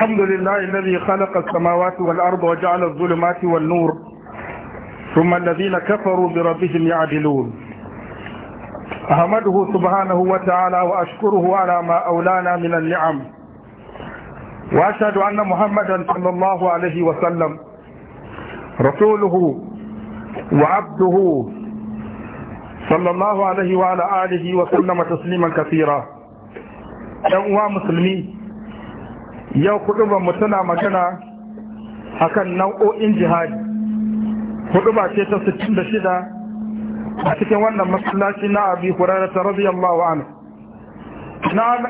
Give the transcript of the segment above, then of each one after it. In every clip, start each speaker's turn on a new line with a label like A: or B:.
A: الحمد لله الذي خلق السماوات والأرض وجعل الظلمات والنور ثم الذين كفروا بربهم يعدلون أحمده سبحانه وتعالى وأشكره على ما أولانا من النعم وأشهد أن محمدا صلى الله عليه وسلم رسوله وعبده صلى الله عليه وعلى آله وسلم تسليما كثيرا يا مسلمين yau ba mu tana magana akan nau'o'in jihadi ba ce ta 66 a cikin wannan masallaci na abi hurarata radiyallahu anhu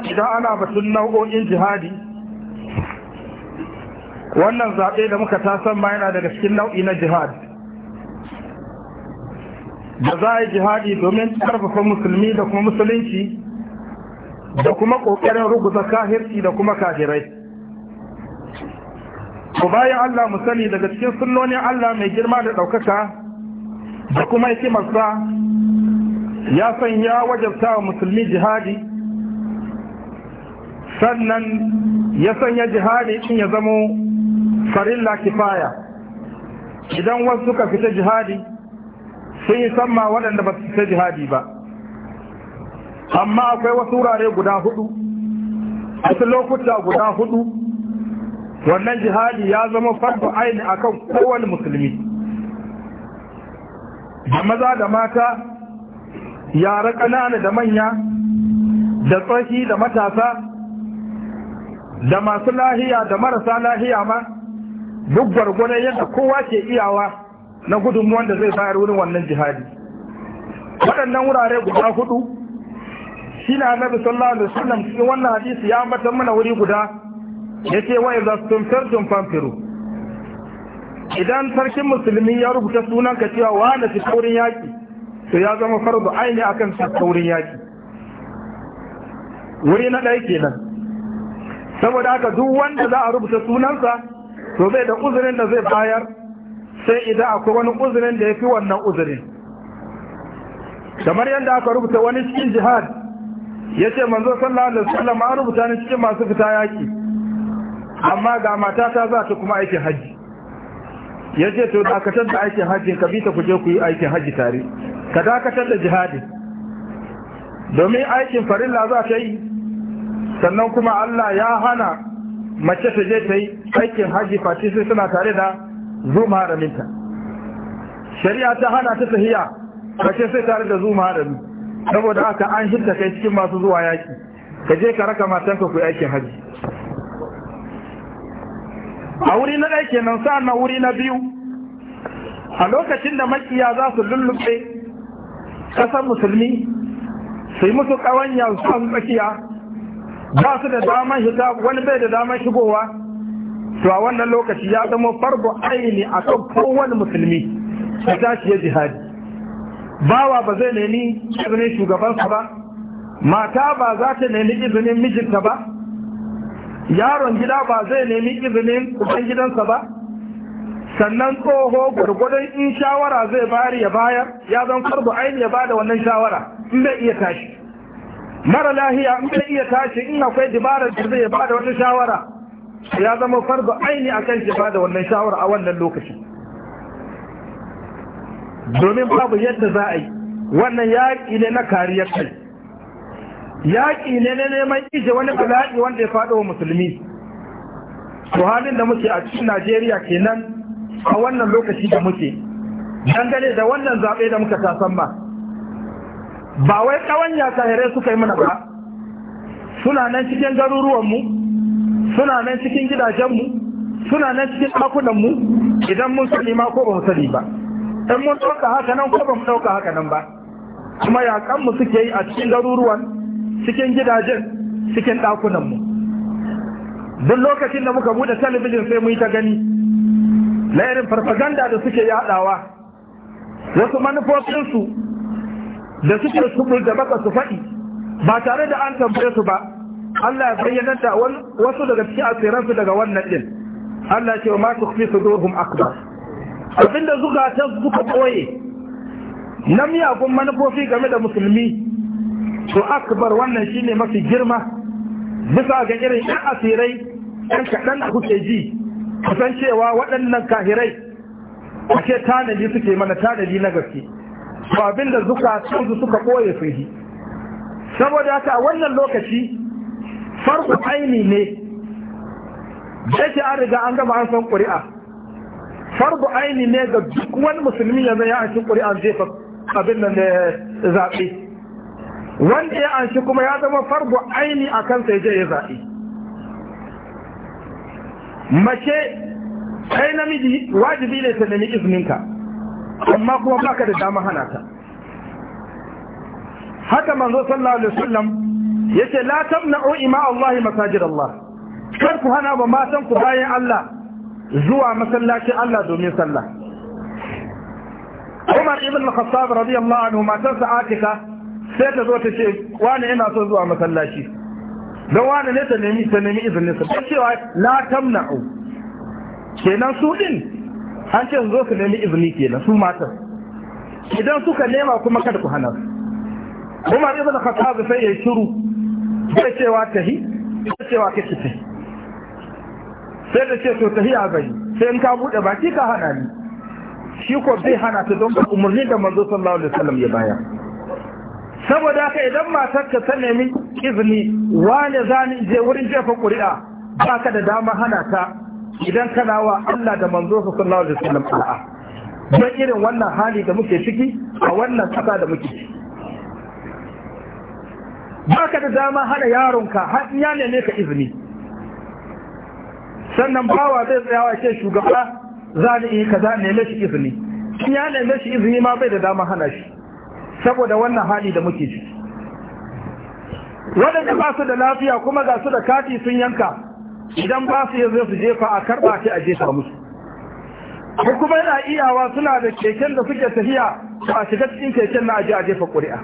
A: idan ana batun nau'o'in jihadi wannan zaɓe da muka tasan ma yana daga cikin nau'i na jihadi da za a yi jihadi domin ƙarfafa musulmi da kuma musulunci da kuma ƙoƙarin ruguza kahirci da kuma kahirai to bayan Allah mu sani daga cikin sunnonin Allah mai girma da ɗaukaka da kuma hikimarsa ya san ya wajabta wa musulmi jihadi sannan ya sanya jihadi in ya zamo farilla kifaya idan wasu suka fita jihadi sun yi samma waɗanda ba su fita jihadi ba amma akwai wasu wurare guda hudu wasu lokuta guda hudu wannan jihadi ya zama farko aini kan kowane musulmi da maza da mata yara ƙanana da manya da tsohi da matasa da masu lahiya da marasa lahiya ma duk gwargwadon yadda kowa ke iyawa na gudunmuwan da zai bayar wurin wannan jihadi waɗannan wurare guda hudu shi na nabi sallallahu alaihi wasallam cikin wannan hadisi ya ambata mana wuri guda yace wa idza stumtartum fanfiru idan sarkin musulmi ya rubuta sunan ka cewa wani fi taurin yaki to ya zama farzu aini akan sa taurin yaki wuri na ɗaya kenan saboda haka duk wanda za a rubuta sunansa to bai da uzurin da zai bayar sai idan akwai wani uzurin da ya fi wannan uzurin kamar yadda aka rubuta wani cikin jihad ya ce manzo sallallahu alaihi wasallam an rubuta ni cikin masu fita yaki amma ga mata ta za ta kuma aikin hajji ya ce to dakatar da aikin hajji ka bita ku je ku yi aikin hajji tare ka dakatar da jihadi domin aikin farilla za ta yi sannan kuma Allah ya hana mace ta je ta yi aikin hajji fati sai suna tare da zuma haraminta shari'a ta hana ta sahiya kace sai tare da zuma harami saboda haka an shirka kai cikin masu zuwa yaki ka je ka raka matanka ku yi aikin hajji a wuri na ɗaya kenan sa'an na wuri na biyu a lokacin da makiya za su lullube ƙasar musulmi su yi musu ƙawanya su a tsakiya ba su da daman shiga wani bai da damar shigowa to a wannan lokaci ya zama farko aini a kan kowane musulmi a tashi ya jihadi bawa ba zai nemi izinin shugabansa ba mata ba za ta neni izinin mijinta ba yaron gida ba zai nemi izinin kusan gidansa ba sannan tsoho gwargwadon in shawara zai bayar ya bayar ya zan farbu aini ya bada wannan shawara in bai iya tashi mara lahiya in bai iya tashi in akwai dibarar da zai bada wata shawara ya zama farbu aini akan shi bada wannan shawara a wannan lokacin domin babu yadda za a yi wannan yaƙi ne na kariyar kai yaƙi ne na neman ije wani bala'i wanda ya faɗo wa musulmi to halin da muke a cikin najeriya kenan a wannan lokaci da muke dangane da wannan zaɓe da muka tasan ba ba wai ƙawanya tahirai suka yi mana ba suna nan cikin garuruwanmu suna nan cikin gidajenmu suna nan cikin ɗakunanmu idan mun sani ma ko ba mu sani ba in mun ɗauka haka nan ko ba mu ɗauka haka nan ba kuma yaƙanmu suke yi a cikin garuruwan cikin gidajen cikin ɗakunanmu duk lokacin da muka buɗe talabijin sai mu yi ta gani na farfaganda da suke yaɗawa wasu manufofinsu da suke subul da baka su faɗi ba tare da an tambaye su ba Allah ya bayyana da wasu daga cikin asiransu daga wannan ɗin Allah ce wa ma su dohun akbar abinda zuga ta zuka ɓoye na miyagun manufofi game da musulmi to akbar wannan shine mafi girma bisa ga irin yan asirai yan kaɗan da kuke ji kusan cewa waɗannan kahirai ake tanadi suke mana tanadi na gaske abin abinda zuka su suka ɓoye su yi saboda haka wannan lokaci farko aini ne da yake an riga an gama an san ƙuri'a farko aini ne ga duk wani musulmi yanzu ya an cikin ƙuri'a zai abin nan da zaɓe wanda ya anshi kuma ya zama fargo aini a kansa ya je ya zaɓi mace kai namiji wajibi ne ta nemi izininka amma kuma baka da dama hana ta haka manzo sallallahu alaihi wasallam yace la tamna'u ima Allah masajid Allah kar ku hana ba matan ku bayan Allah zuwa masallacin Allah domin sallah Umar ibn al-Khattab radiyallahu anhu matar Atika sai ta zo ta ce wani ina so zuwa masallaci don wani ne ta nemi ta nemi izinin sa ta cewa la tamna'u kenan su din an ce zo su nemi izini kenan su matan idan suka nema kuma kada ku hana su Umar ibn Khattab sai ya shiru sai cewa tahi sai cewa kace tahi sai da ce to tahi a bai sai in ka bude baki ka hana ni shi ko bai hana ta don umurni da manzo sallallahu alaihi wasallam ya baya saboda haka idan matarka ta nemi izini wane zani je wurin jefa ƙuri'a ba ka da dama hana ta idan kana wa Allah da manzo su sallallahu alaihi wasallam al'a don irin wannan hali da muke ciki a wannan kasa da muke ciki ba ka da dama hana yaronka har ya neme ka izini sannan bawa zai tsayawa ce shugaba za ni yi kaza neme shi izini in ya neme shi izini ma bai da dama hana shi saboda wannan hali da muke ciki waɗanda ba su da lafiya kuma ga su da kati sun yanka idan ba su yanzu su jefa a karba ta a jefa musu ko kuma yana iyawa suna da keken da suke tafiya a shiga cikin keken na aje a jefa ƙuri'a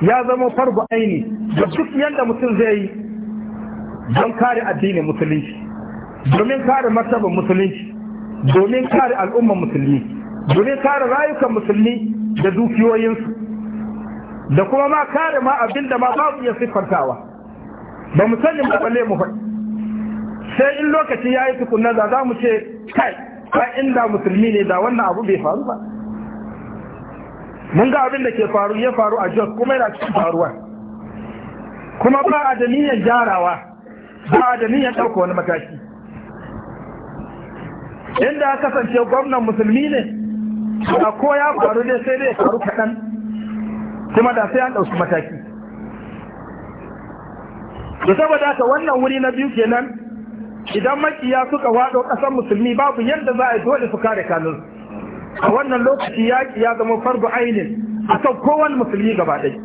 A: ya zama farbu aini da duk yadda mutum zai yi don kare addinin musulunci domin kare martaban musulunci domin kare al'umman musulmi domin kare rayukan musulmi da dukiyoyinsu da kuma ma kare ma abin da ma babu iya siffantawa ba mu sani ba balle mu faɗi sai in lokaci ya yi tukunna da za mu ce kai ba inda musulmi ne da wannan abu bai faru ba mun ga abin da ke faru ya faru a jos kuma yana cikin faruwa kuma ba a da niyyar jarawa ba a da niyyar ɗauka wani mataki inda ya kasance gwamnan musulmi ne ko ya faru ne sai dai faru kaɗan kuma da sai an ɗauki mataki da saboda ta wannan wuri na biyu kenan idan makiya suka wado ƙasar musulmi babu yadda za a yi dole su kare kanun a wannan lokaci yaƙi ya zama fardu ainin a kan kowane musulmi gaba ɗaya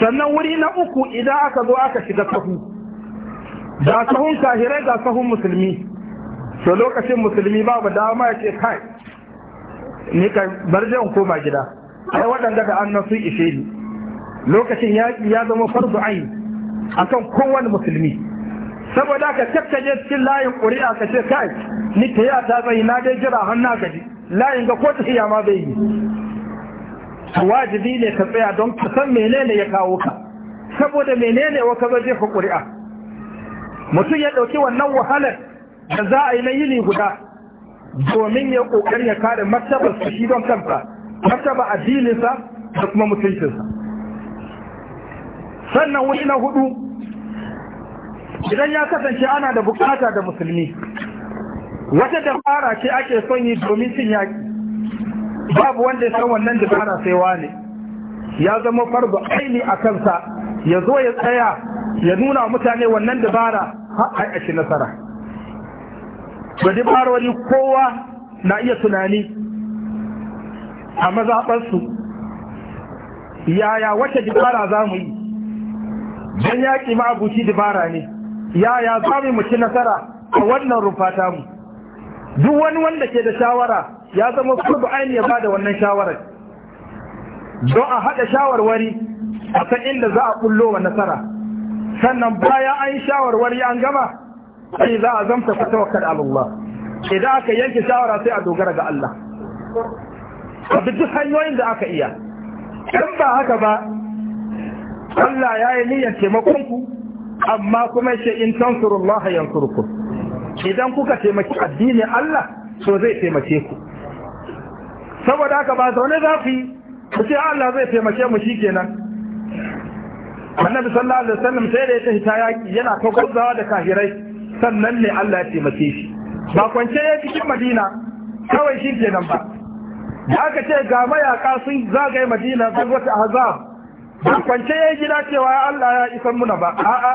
A: sannan wuri na uku idan aka zo aka shiga sahu da sahun kahirai ga sahun musulmi to lokacin musulmi babu dama ya ce kai ni kan bar ko koma gida ai waɗanda da an nasu ishe ni lokacin yaƙi ya zama farzu ayin akan kowane musulmi saboda ka tattaje cikin layin ƙuri'a ka ce kai ni ta yi ta tsayi na dai jira har na gaji layin ga ko tafiya ma bai yi wajibi ne ka tsaya don ka san menene ya kawo ka saboda menene wa ka zai ka ƙuri'a mutum ya ɗauki wannan wahalar da za a yi na yini guda domin ya ƙoƙari ya kare martabar su shi don kansa martaba addininsa da kuma mutuncinsa sannan wani na hudu idan ya kasance ana da bukata da musulmi wata dabara ce ake son yi domin cin yaki babu wanda ya san wannan dabara sai wane ya zama farba aini a kansa ya zo ya tsaya ya nuna mutane wannan dabara har a nasara
B: da dabarori
A: kowa na iya tunani a mazaɓarsu yaya wata dibara za mu yi don yaƙi ma abuci dibara ne yaya za mu ci nasara a wannan rumfata mu duk wani wanda ke da shawara ya zama kurbu ainihin ya bada wannan shawarar don a haɗa shawarwari a san inda za a ƙullo wa nasara sannan bayan an shawarwari an gama sai za a zamta fata wakar Allah idan aka yanke shawara sai a dogara ga Allah abu duk hanyoyin da aka iya in ba haka ba Allah ya yi niyyar taimakonku amma kuma shi in lahayen yansurku idan kuka taimaki addini Allah so zai taimake ku saboda haka ba zaune za ku ce Allah zai taimake mu shi kenan annabi sallallahu alaihi wasallam sai da ya tafi ta yaki yana ta da kahirai sannan ne Allah ya taimake shi ba kwance ya cikin Madina kawai shi kenan ba da aka ce ga mayaka sun zagaye madina don ta azab ba kwance ya gida cewa ya Allah ya isan muna ba a'a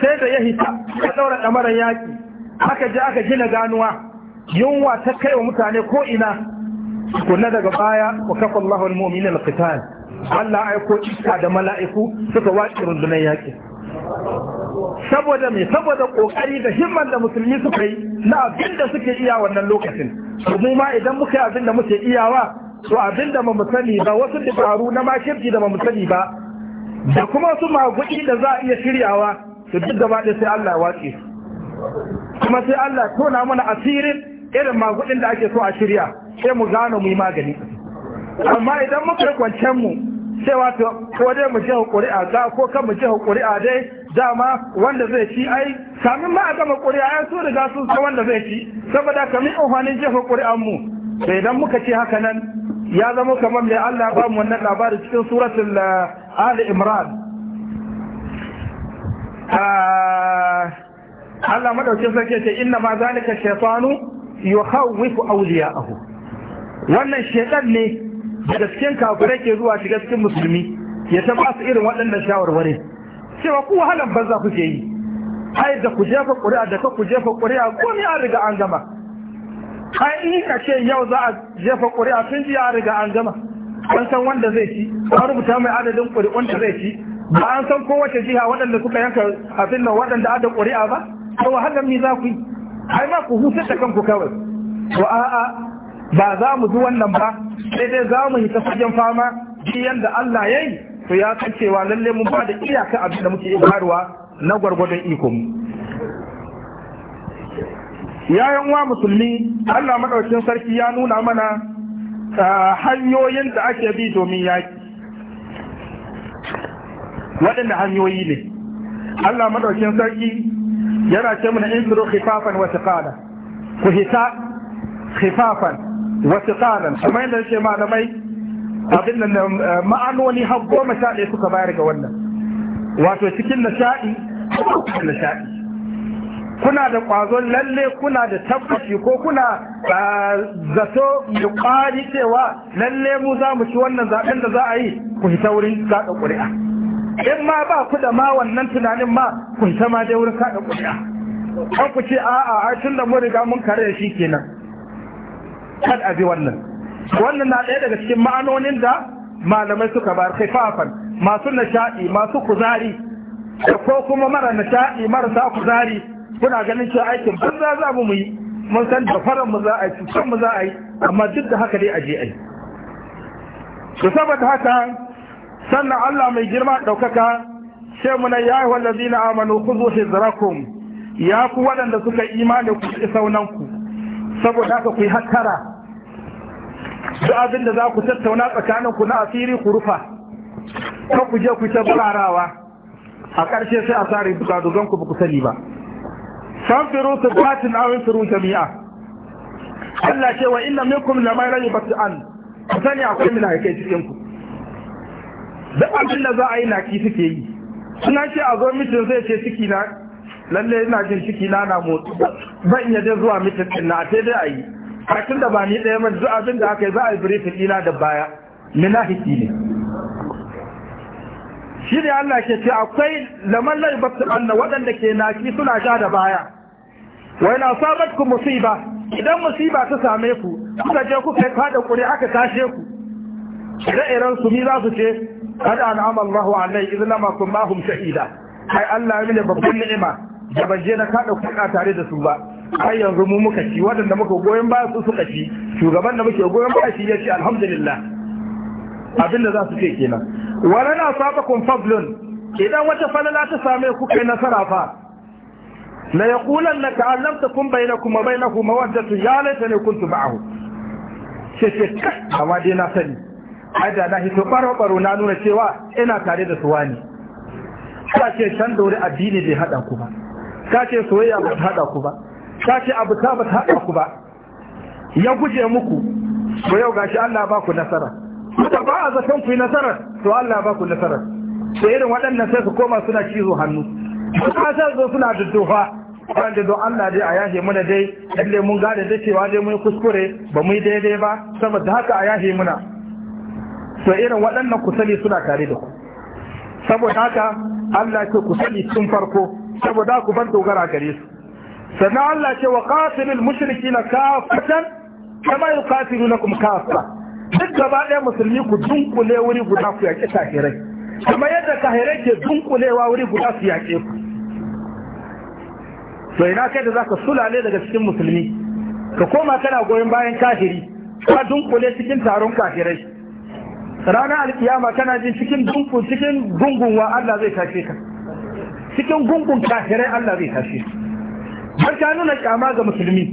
A: sai da ya hita ya daura ɗamarar yaƙi aka je aka gina ganuwa yunwa ta kai wa mutane ko ina kunna daga baya wa kafa Allahu muminin al-qital Allah aiko iska da mala'iku suka wace rundunar yaƙi saboda me saboda kokari da himman da musulmi suka yi na abinda suke iya wannan lokacin mu ma idan muka yi abin da muke iyawa to abin da mu sani ba wasu dabaru na makirji da mu sani ba da kuma wasu maguɗi da za a iya shiryawa to duk gaba ɗaya sai Allah ya wace kuma sai Allah tona mana asirin irin maguɗin da ake so a shirya sai mu gane mu yi magani amma idan muka yi kwancen mu cewa to ko dai mu je ƙuri'a za ko kan mu je a dai dama wanda zai ci ai kamin ma a gama ƙuri'a ya so da gasu sai wanda zai ci saboda kamin amfanin jefa ƙuri'an mu sai idan muka ce haka nan ya zama kamar mai Allah ba mu wannan labarin cikin suratul eh, Ali Imran ah, Allah madaukin sarki ce inna ma zalika shaytanu yukhawwifu awliya'ahu wannan shaytan ne da cikin kafirai ke zuwa shiga cikin musulmi ya ta ba su irin waɗannan shawarwarin. cewa ku wahalan banza kuke yi ai da ku jefa ƙuri'a da ka ku jefa ƙuri'a ko ni an riga an gama ai in ka ce yau za a jefa ƙuri'a tun ji an riga an gama an san wanda zai ci an rubuta mai adadin ƙuri'un da zai ci ba an san ko kowace jiha waɗanda suka yanka abin nan waɗanda ada ƙuri'a ba to wahalar ni za ku yi ai ma ku hutar da kanku kawai to a'a ba za mu ji wannan ba sai dai za mu yi ta fagen fama ji yanda Allah ya yi to ya san cewa lalle mun ba da iyaka abin da muke ibarwa na gwargwadon iko mu yayan wa musulmi Allah madaukakin sarki ya nuna mana hanyoyin da ake bi domin yaki waɗanda hanyoyi ne Allah madaukakin sarki yana ce mana in zuru khifafan wa thiqala ku hita khifafan wa thiqalan kamar yadda yake malamai abin nan um, uh, ma'anoni har goma sha ɗaya suka bayar ga wannan wato cikin nishaɗi sha'i kuna da ƙwazon lalle kuna da tabbaci ko kuna uh, zato mai ƙwari cewa lalle mu za mu ci wannan zaɓen da za a yi ku hita wurin kaɗa ƙuri'a in ma ba ku da ma wannan tunanin ma ku hita ma dai wurin kaɗa ƙuri'a kan ku ce a'a a tun da mun riga mun kare shi kenan a bi wannan wannan na ɗaya daga cikin ma'anonin da malamai suka bar haifafan masu nishaɗi masu kuzari ko kuma mara nishaɗi marasa kuzari kuna ganin cewa aikin banza za mu yi mun san da faran mu za a yi cutar mu za a yi amma duk da haka dai a je a yi to saboda haka sannan Allah mai girma ɗaukaka sai muna ya yi wallazi na amanu ku zo hizrakum ya ku waɗanda suka imani ku saunan ku saboda haka ku yi hattara su abin da za ku tattauna tsakaninku na asiri ku rufa ka ku je ku ta burarawa a ƙarshe sai a buka dogon ku buku sani ba sanfiru su batin awin suru jami'a Allah ce wa inna minkum lamai rayu batu an ku sani akwai minahikai cikin ku duk abin da za a yi naki suke yi suna ce a zo mitin zai ce ciki na lalle ina jin ciki na na motsi ban iya dai zuwa mitin din na a dai a yi karatun da ba ni ɗaya man zuwa abin aka yi ba a yi birifin da baya munafiki ne shi ne Allah ke ce akwai laman laibatu anna waɗanda ke naki suna sha da baya Wai na sabat ku musiba idan musiba ta same ku kuka je kuka yi faɗa ƙuri aka tashe ku ire-iren su mi za su ce kada an amal alai izlama kun mahum shahida ai Allah ya mini babban ni'ima da ban je na kada kuka tare da su ba har yanzu mu muka ci waɗanda muka goyon baya su suka ci shugaban da muke goyon baya shi ya ce alhamdulillah abinda za su ce kenan wala na saba kun idan wata falala ta same ku kai nasara fa la yaqulan laka allam kun bainakum wa bainahu mawaddatu ya laita ne kuntu ma'ahu ce ce amma dai na sani ai na hito baro baro na nuna cewa ina tare da su wani ka ce can da addini bai hada ku ba ka ce soyayya ba ta hada ku ba ta ce abu ta ba ta ku ba ya guje muku to yau gashi Allah ba ku nasara da ba a zaton ku yi nasarar to Allah ba ku nasarar sai irin waɗannan sai su koma suna cizo hannu kuma ta zo suna daddofa da don Allah dai a yashe muna dai lalle mun gane da cewa dai mun kuskure ba mu yi daidai ba saboda haka a muna to irin waɗannan ku sani suna tare da ku saboda haka Allah ke ku sani tun farko saboda ku bar dogara gare su sannan Allah ce wa mushriki mushrikina kafatan kama kuma kafa duk gaba ɗaya musulmi ku dunkule wuri guda ku yaƙe tahirai, kama yadda kahirai ke dunkulewa wuri guda su yaƙe ku to ina kai da zaka sulale daga cikin musulmi ka koma kana goyon bayan kahiri, ka dunkule cikin taron kahirai. ranar alkiyama kana jin cikin dunkun cikin gungun wa Allah zai tashe ka cikin gungun kahirai Allah zai tashe ka har ta nuna kyama ga musulmi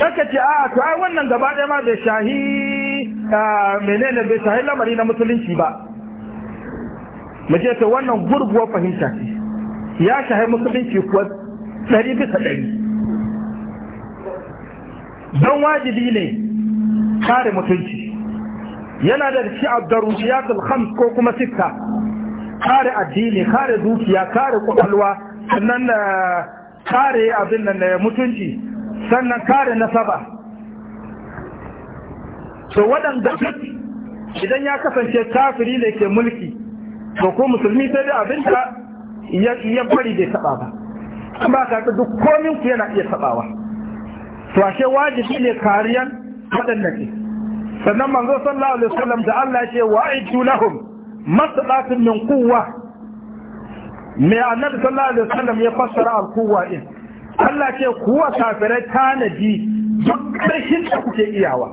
A: saka ce a to ai wannan gaba ɗaya ma bai shahi menene bai shahi lamari na musulunci ba mu je to wannan gurguwar fahimta ce ya shahi musulunci kuwa ɗari bisa ɗari don wajibi ne kare mutunci yana da shi abdarusiyatul khams ko kuma sitta kare addini kare dukiya kare kwakwalwa sannan na kare abin nan da mutunci sannan kare nasaba to waɗanda idan ya kasance kafiri ne ke mulki to ko musulmi sai da abin da ya bari bai saba ba amma ba ka duk komin ku yana iya sabawa to ashe wajibi ne kariyan waɗanda ke sannan manzo sallallahu alaihi wasallam da Allah ya ce wa'idu lahum masalatun min quwwah mai annabi sallallahu alaihi wasallam ya fassara alkuwa din Allah ce kuwa kafirai tanadi duk ƙarshen da kuke iyawa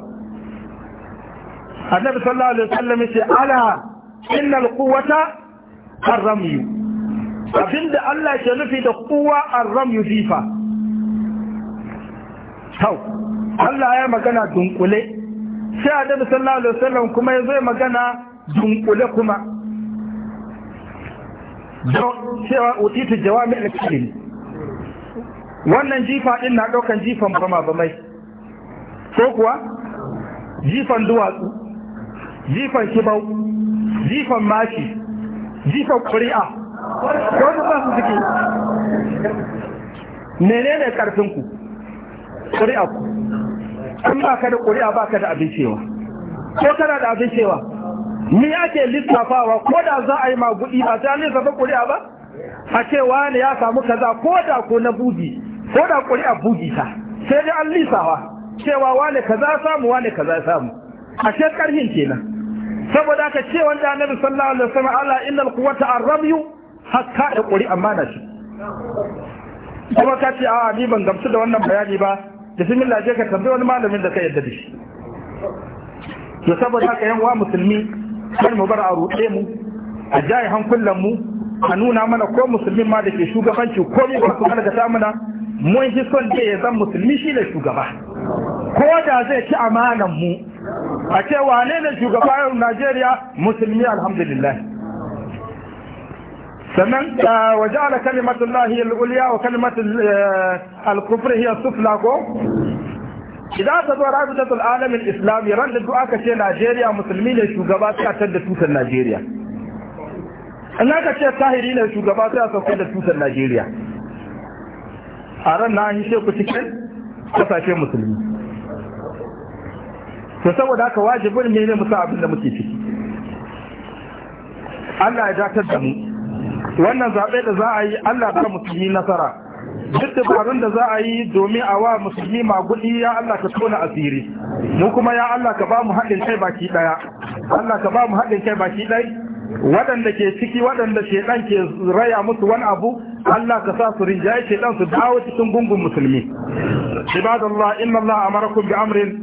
A: annabi sallallahu alaihi wasallam ya ce ala innal quwwata arramyu abinda Allah ke nufi da kuwa arramyu fifa. Tau Allah ya magana dunkule sai annabi sallallahu alaihi wasallam kuma ya zo magana dunkule kuma cewa utitu jawami alkalin wannan jifa din na ɗaukan jifan bama ba mai. ko kuwa jifan duwatsu jifan kibau jifan mashi jifan kuri'a ko su ba su suke menene ƙarfinku? kuri'a ku an ba ka da kuri'a ba ka da abincewa ko kana da abincewa ni ake lissafawa ko da za a yi magudi ba ta lissafa kuri'a ba a ce wani ya samu kaza ko da ko na bugi ko da kuri'a bugi ta sai dai an lissawa cewa wani kaza samu wani kaza samu a ce karhin kenan saboda ka ce wanda annabi sallallahu alaihi wasallam inna innal quwwata ar-ramyu hakka da kuri'a na shi kuma ka ce a ni ban gamsu da wannan bayani ba bismillah je ka tambayi wani malamin da ka yadda da shi to saboda haka yan wa musulmi kar mu bar a ruɗe mu a jaye hankulan mu a nuna mana ko musulmin ma da ke shugabanci ko mu ba su hargata mana mun fi son da ya zan musulmi shi ne shugaba ko da zai ci amanan mu a ce wane ne shugaba Najeriya musulmi alhamdulillah sannan waje ala kalimatun lahi al'uliya wa kalimatun al hiyar sufla ko idan aka zo rabitatul alamin islami ran da aka ce najeriya musulmi ne shugaba sai a tar da tutar najeriya in aka ce tahiri ne shugaba sai a sauka da tutar najeriya a ran na an yi sheku cikin kasashe musulmi to saboda haka wajibin ne ne musa abin da muke ciki Allah ya dakatar da mu wannan zaɓe da za a yi Allah ba musulmi nasara duk dabarun da za a yi domin a wa musulmi magudi ya Allah ka tona asiri mu kuma ya Allah ka ba mu haɗin kai baki ɗaya Allah ka ba mu haɗin kai baki ɗaya waɗanda ke ciki waɗanda shedan ke raya musu wani abu Allah ka sa su rinjaye shedan su dawo cikin gungun musulmi ibadallah inna Allah amarakum bi amrin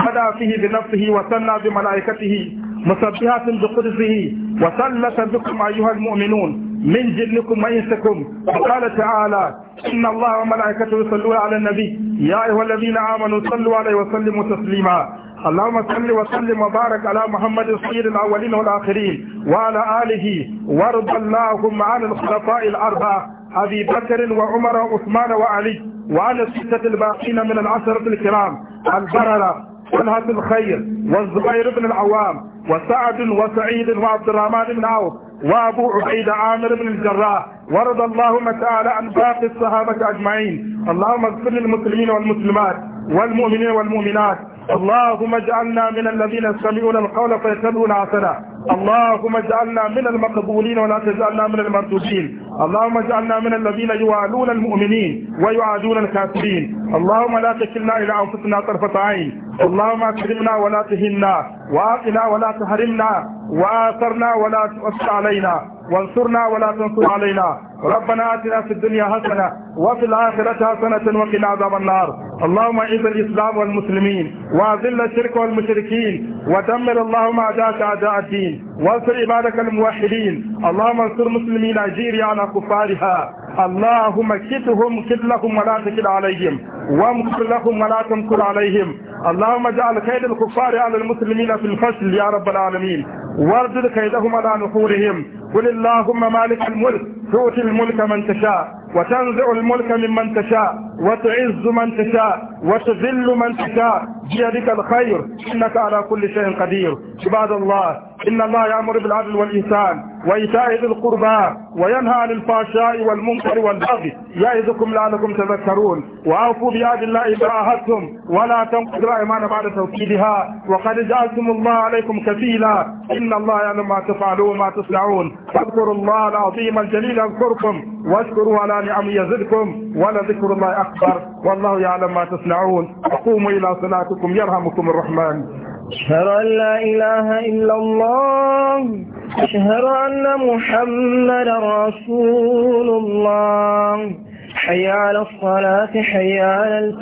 A: bada fihi bi nafsihi wa sanna bi malaikatihi bi مسبحات بقدسه وثلث بكم أيها المؤمنون من جنكم وإنسكم وقال تعالى إن الله وملائكته يصلون على النبي يا أيها الذين آمنوا صلوا عليه وسلموا تسليما اللهم صل وسلم وبارك على محمد سيد الأولين والآخرين وعلى آله وارض اللهم عن الخلفاء الأربعة أبي بكر وعمر وعثمان وعلي وعن الستة الباقين من العشرة الكرام البررة طلحة الخير والزبير بن العوام وسعد وسعيد وعبد الرحمن بن عوف وأبو عبيد عامر بن الجراح وارض اللهم تعالى عن باقي الصحابة أجمعين اللهم اغفر للمسلمين والمسلمات والمؤمنين والمؤمنات اللهم اجعلنا من الذين يستمعون القول فيتبعون حسنه اللهم اجعلنا من المقبولين ولا تجعلنا من المردودين اللهم اجعلنا من الذين يوالون المؤمنين ويعادون الكافرين اللهم لا تكلنا الى انفسنا طرفه عين اللهم اكرمنا ولا تهنا واعطنا ولا تحرمنا واثرنا ولا تؤس علينا وانصرنا ولا تنصر علينا ربنا آتنا في الدنيا حسنة وفي الآخرة حسنة وقنا عذاب النار اللهم اعز الإسلام والمسلمين وأذل الشرك والمشركين ودمر اللهم أعداءك أعداء الدين وانصر عبادك الموحدين اللهم انصر مسلمي نيجيريا على كفارها اللهم كتهم كتلهم ولا تكل عليهم وامكر لهم ولا تمكر عليهم اللهم اجعل كيد الكفار على المسلمين في الفشل يا رب العالمين واردد كيدهم على نحورهم قل اللهم مالك الملك تؤتي الملك من تشاء وتنزع الملك ممن تشاء وتعز من تشاء وتذل من تشاء بيدك الخير انك على كل شيء قدير عباد الله إن الله يأمر بالعدل والإنسان وإيتاء ذي القربى وينهى عن الفحشاء والمنكر والبغي يعظكم لعلكم تذكرون وأوفوا بعهد الله إذا عاهدتم ولا تنقضوا الأيمان بعد توكيدها وقد جعلتم الله عليكم كفيلا إن الله يعلم ما تفعلون وما تصنعون فاذكروا الله العظيم الجليل يذكركم واشكروا على نعمه يزدكم ولذكر الله أكبر والله يعلم ما تصنعون وقوموا إلى صلاتكم يرحمكم الرحمن أشهد أن لا إله إلا الله أشهد أن محمد رسول الله حي على الصلاة حي على